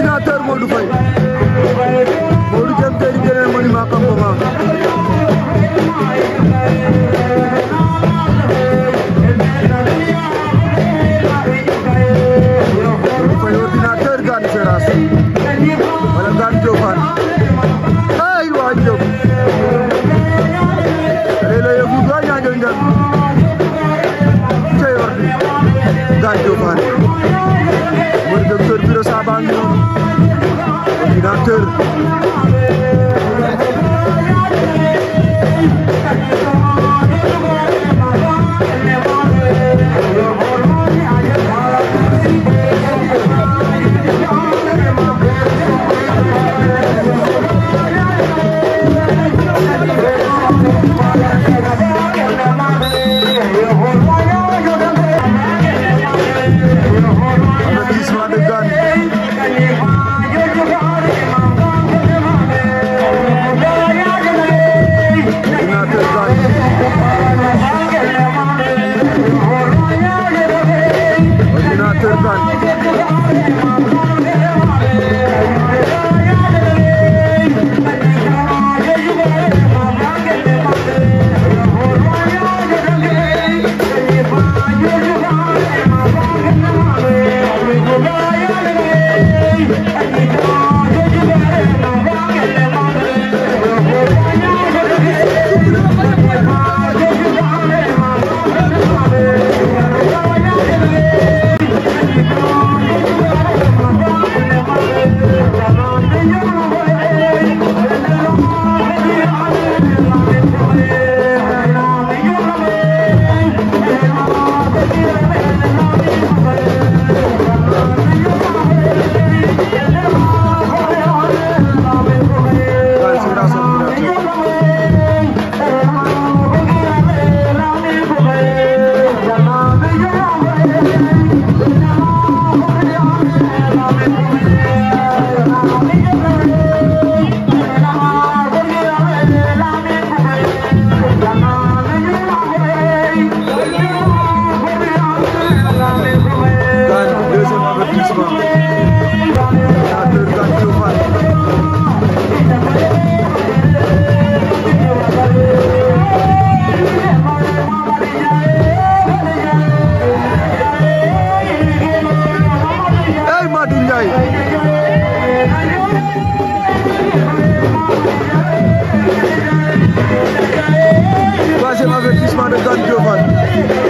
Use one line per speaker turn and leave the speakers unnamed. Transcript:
ordinateur Modou Faye Modou jëm tey di jëlee Moni maa xam ko maa
Modou Faye ordinateur Gane Seras wala Gane Diofane
ay waa Diop léeg-léeg yëfu gaa ñaa jël ngeen cay ordi Gane Diofane Walter آرے ماں
Hey,
Martin Guy! Troisième avertissement de Don
Giovanni.